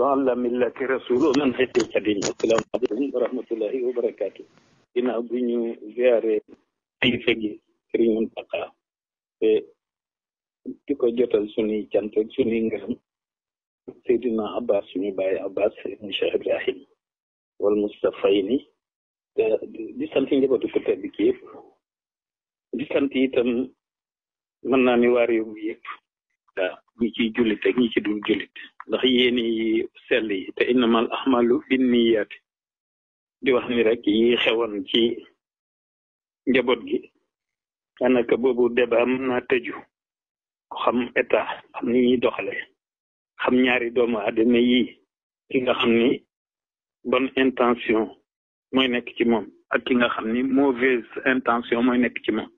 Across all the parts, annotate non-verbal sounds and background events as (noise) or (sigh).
wa ala millati rasulu man xetti xadim assalaamu aleykum wa rahmatullahi dina barakaatu ginnaaw ñu ziare ay fegi Sëriñ Muntaxa te di ko jotal suñuy cant ak suñuy ngërëm Seydina Abbas suñu bàyyi Abbas ibn Cheikh Ibrahim wal Mustafayni te di sant njabootu ko tedd ki yëpp di sant itam mën naa ni waa réew mi yëpp ñi ciy jullit ak ñi ci dul jullit ndax yéene yi te yi te innamal ahmalu binniyaati di wax ni rek yi xewoon ci njaboot gi daanaka boobu débat mën naa tëju ko xam état xam ni doxale xam ñaari doomu aadama yi ki nga xam ni bonne intention mooy nekk ci moom ak ki nga xam ni mauvaise intention mooy nekk ci moom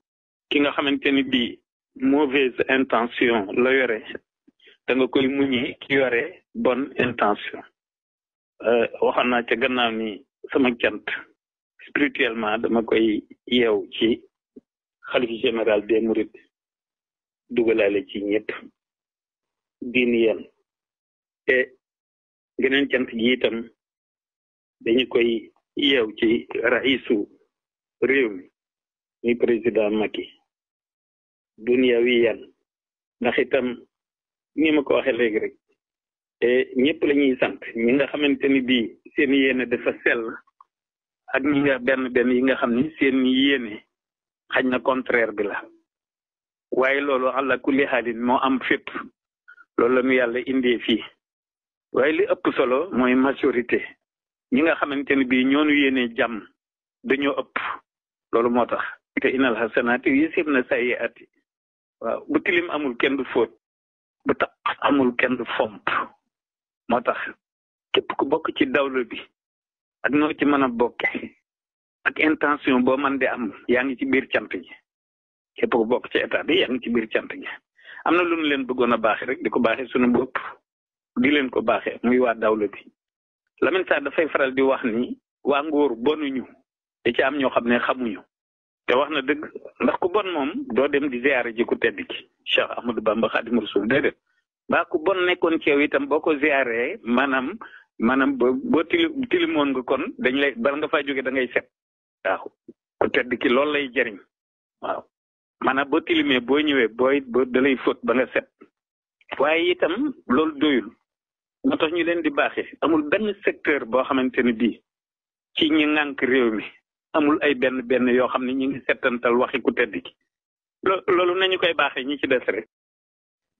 ki nga xamante ni bii mauvaise intention la yore da koy muñi ki yore bonne intention euh, waxoon naa ca gannaaw ni sama jant spirituellement dama koy yeew ci xalif général des mourides dugalaale ci ñëpp diin yem te geneen cant gi itam dañu koy yeew ci raisu réew mi muy président Macky duniya wi yan ndax ni ma ko waxee léegi rek ñëpp la ñuy sant ñi nga xamante ni bii seen yéene dafa sell ak ñi nga benn benn yi nga xam ni seen yéene xañ na contraire bi la waaye loolu àlla kulli moo am fépp loolu la ñu yàlla indee fii waaye li ëpp solo mooy majorité ñi nga xamante ni bii ñoonu yéene jàmm dañoo ëpp loolu moo tax te inal xasanaati yusibna sayyi'aati waw bu tilim amul kenn du fóot bu tax amul kenn fomp moo tax képp ku bokk ci dawlo bi ak noo ci mën a bokke ak intention boo man de am yaa ngi ci biir cant gi képp ku bokk ci état bi yaa ci biir cant gi am na lu ñu leen bëggoon a baaxe rek di ko baaxe suñu bopp di leen ko baaxe muy waa dawlo bi Lamine Sarr dafay faral di wax ni waa nguur bonuñu da ci am ñoo xam ne xamuñu te wax na dëgg ndax ku bon moom doo dem di ziyaare ji ku tedd ki Cheikh Ahmadou Bamba Xaadimu Rasuul déedéet mbaa ku bon nekkoon ci itam boo ko ziyaaree maanaam maanaam boo tili tilimoon nga kon dañ lay bala nga faa jóge da ngay set waaw ku tedd ki loolu lay jëriñ waaw maanaam boo tilimee boo ñëwee booy boo dalay fóot ba nga set waaye itam loolu doyul moo tax ñu leen di baaxee amul benn secteur boo xamante ne bii ci ñi ŋànk réew mi amul ay benn benn yoo xam ne ñu ngi settantal waxi ku tedd ki loolu nañu koy baaxee ñi ci des rek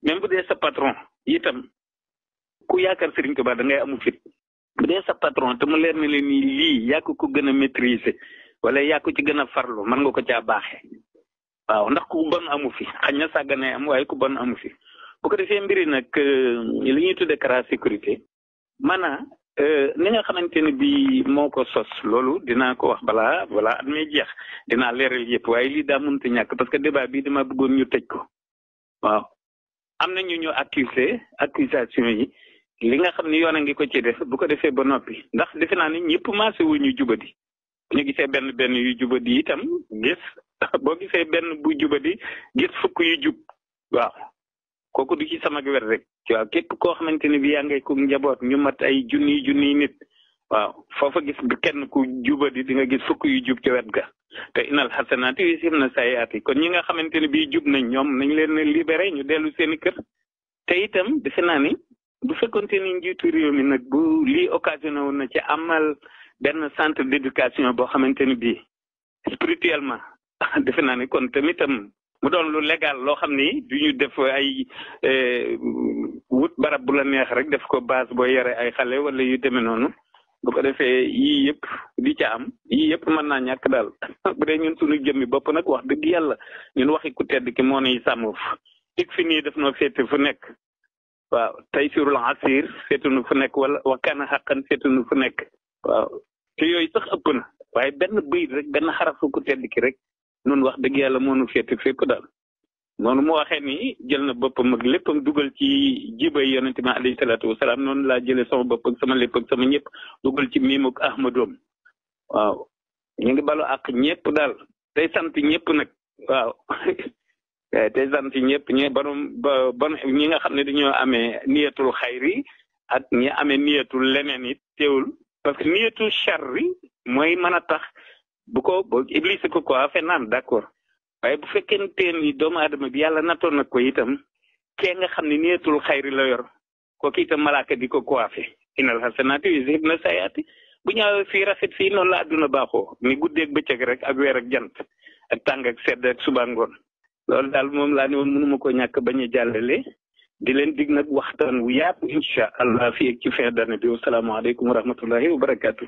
même bu dee sa patron itam ku yaakaar Serigne Touba da ngay amu fit bu dee sa patron te mu leer na leen ni lii yaa ko ko gën a maîtriser wala yaa ci gën a farlu man nga ko caa baaxee waaw ndax ku bon amu fi xañ na sàgganee am waaye ku bon amu fi bu ko defee mbiri nag euh, li ñuy tuddee kara sécurité maanaam Euh, ni nga xamante ne bii moo ko sos loolu dinaa ko wax balaa balaa at jeex dinaa leeral yëpp waaye lii daa mënut te ñàkk parce que débat bi dama bëggoon ñu tëj ko waaw am na ñu ñu accusé accusation yi li nga xam ne yoon a ngi ko ci def bu ko defee ba noppi ndax defe naa ni ñëpp maase wu ñu jubadi bu ñu gisee benn benn yu jubadi itam gis (laughs) boo gisee benn bu jubadi gis fukk yu jub waaw kooku du ci sama wér rek waaw képp koo xamante ne bi yaa ngay ko njaboot ñu mat ay junniy junniy nit waaw foofa gis kenn ku jubadi di nga gis fukk yu jub ci wet ga te inal xasanaati yusim na yi kon ñi nga xamante ne bii jub nañ ñoom nañ leen libéré ñu dellu seeni kër te itam defe naa ni bu fekkonte ni njiitu réew mi nag bu lii occasionné woon na ci amal benn centre d'éducation boo xamante ne bii spirituellement (laughs) defe naa ni kon tamitam mu doon lu légal loo xam ni du ñu def ay eh, wut barab bu la neex rek def ko base boo yore ay xale wala yu demee noonu bu ko defee yii yëpp di ca am yii yëpp mën naa ñàkk daal (laughs) bu dee ñun suñu jëmmi bopp nag wax dëgg yàlla ñun waxi ku tedd ki moo nuy sàmm fu ik fi nii daf noo féete fu nekk waaw tey surul asir féete nu fu nekk wala a xàqan féete nu fu nekk waaw te yooyu sax ëpp na waaye benn bëyit rek benn xarafu ku tedd ki rek nun wax dëgg yàlla moo nu féete fépp daal noonu moo waxee ni jël na boppam ak léppam dugal ci jibay yonente ma alayhi salaatu wasalaam noonu laa jëlee sama bopp ak sama lépp ak sama ñëpp dugal ci miim ak ahmadoom waaw ngi balu ak ñëpp daal tey sant ñëpp nag waaw (laughs) eh, tey sant ñëpp ñe banum ban ñi nga xam ne dañoo amee niyatul xayri ak ñi ame niyatul leneen it parce que niyatul charri mooy mën bu ko iblis ko ko a fenaan d'accord waaye bu fekkee fekkente ni doomu aadama bi yàlla nattoon na ko itam kee nga xam ne niyetul xayri la yor kooku itam malaaka di ko coiffé inal xasanaati yuzhibna sayaati bu ñaawee fi rafet fii noonu la àdduna baaxoo ni guddeeg bëccëg rek ak weer ak jant ak tàng ak sedd ak suba ngoon loolu daal moom laa ne woon mënuma ko ñàkk bañ a jàllale di leen digg nag waxtaan wu yaatu incha allah fii ak ci fin d'année bi wasalaamaaleykum wa rahmatullahi wa barakaatu.